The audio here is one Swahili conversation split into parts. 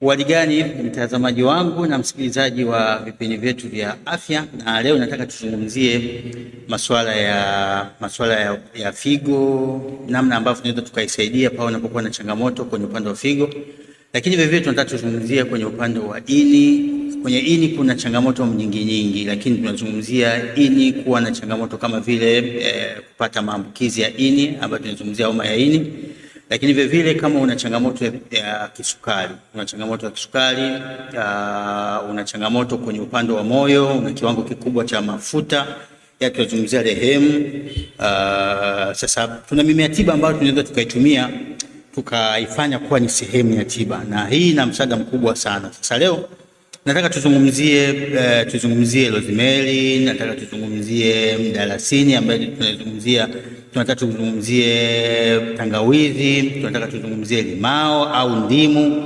Uwaligani mtazamaji wangu na msikilizaji wa vipindi vyetu vya afya, na leo nataka tuzungumzie masuala ya masuala ya, ya figo, namna ambavyo tunaweza tukaisaidia pale unapokuwa na changamoto kwenye upande wa figo, lakini vile tunataka tuzungumzie kwenye upande wa ini. Kwenye ini kuna changamoto nyingi nyingi, lakini tunazungumzia ini kuwa na changamoto kama vile eh, kupata maambukizi ya ini ambayo tunazungumzia homa ya ini lakini vile vile kama una changamoto ya kisukari, una changamoto ya kisukari, uh, una changamoto kwenye upande wa moyo, una kiwango kikubwa cha mafuta ya tunazungumzia rehemu. Uh, sasa tuna mimea tiba ambayo tunaweza tukaitumia tukaifanya kuwa ni sehemu ya tiba, na hii ina msaada mkubwa sana. Sasa leo nataka tuzungumzie uh, tuzungumzie rosemary, nataka tuzungumzie mdalasini ambaye tunazungumzia tunataka tuzungumzie tangawizi, tunataka tuzungumzie limao au ndimu,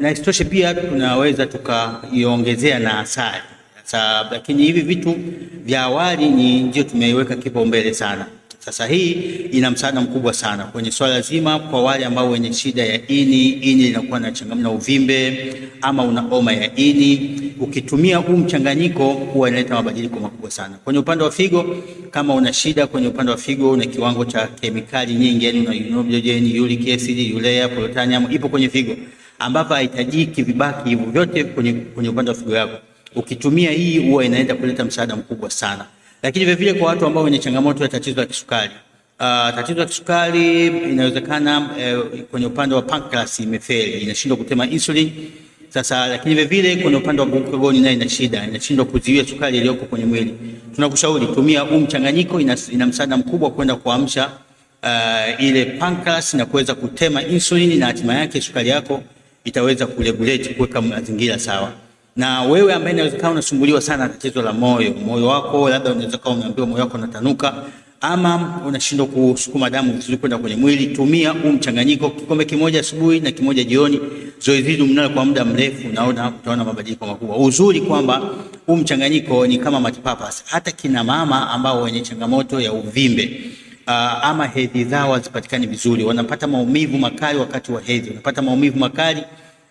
na isitoshe pia tunaweza tukaiongezea na asali. Sasa lakini hivi vitu vya awali ni ndio tumeiweka kipaumbele sana. Sasa hii ina msaada mkubwa sana kwenye swala zima, kwa wale ambao wenye shida ya ini, ini inakuwa na changamano uvimbe, ama una homa ya ini. Ukitumia huu mchanganyiko huwa inaleta mabadiliko makubwa sana kwenye upande wa figo. Kama una shida kwenye upande wa figo, una kiwango cha kemikali nyingi, yani una urinary, uric acid, urea, protanium ipo kwenye figo, ambapo haitajiki vibaki hivyo vyote kwenye, kwenye upande wa figo yako. Ukitumia hii huwa inaenda kuleta msaada mkubwa sana. Lakini vile vile kwa watu ambao wenye changamoto ya tatizo la kisukari Uh, tatizo la kisukari inawezekana eh, kwenye upande wa pancreas imefeli, inashindwa kutema insulin sasa, lakini vile vile kwenye upande wa glucagon naye ina shida, inashindwa kuzuia sukari iliyoko kwenye mwili. Tunakushauri tumia huu mchanganyiko, ina, ina msaada mkubwa kwenda kuamsha uh, ile pancreas na kuweza kutema insulin na hatima yake sukari yako itaweza kuregulate kuweka mazingira sawa na wewe ambaye inawezekana unasumbuliwa sana na tatizo la moyo, moyo wako labda unaweza unawezekana umeambiwa moyo wako unatanuka ama unashindwa kusukuma damu vizuri kwenda kwenye mwili, tumia huu mchanganyiko, kikombe kimoja asubuhi na kimoja jioni. Zoezi hili mnalo kwa muda mrefu, naona utaona mabadiliko makubwa. Uzuri kwamba huu mchanganyiko ni kama matipapa, hata kina mama ambao wenye changamoto ya uvimbe Uh, ama hedhi zao hazipatikani vizuri, wanapata maumivu makali wakati wa hedhi, wanapata maumivu makali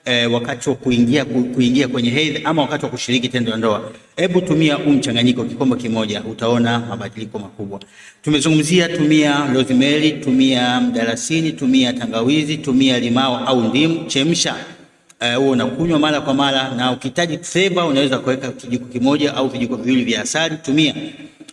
e, wakati wa kuingia, ku, kuingia kwenye hedhi ama wakati wa kushiriki tendo la ndoa. Hebu tumia huu mchanganyiko kikombe kimoja, utaona mabadiliko makubwa. Tumezungumzia tumia rosemary, tumia mdalasini, tumia tangawizi, tumia limao au ndimu, chemsha eh, huo uh, unakunywa mara kwa mara, na ukihitaji flavor unaweza kuweka kijiko kimoja au vijiko viwili vya asali, tumia,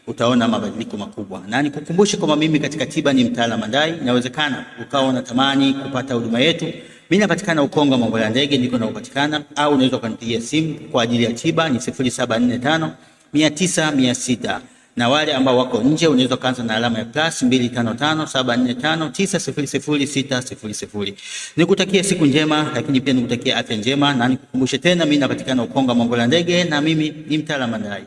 utaona mabadiliko makubwa. Na nikukumbushe kwamba mimi katika tiba ni mtaalamu Ndai. Inawezekana ukawa unatamani kupata huduma yetu. Mimi napatikana Ukonga mambo ya ndege ndiko nakupatikana, au unaweza kunipigia simu kwa ajili ya tiba ni 0745 900 na wale ambao wako nje unaweza kuanza na alama ya plus 255745900600. Nikutakia siku njema, lakini pia nikutakia afya njema, na nikukumbushe tena, mimi napatikana Ukonga mambo ya ndege, na mimi ni mtaalamu ndai.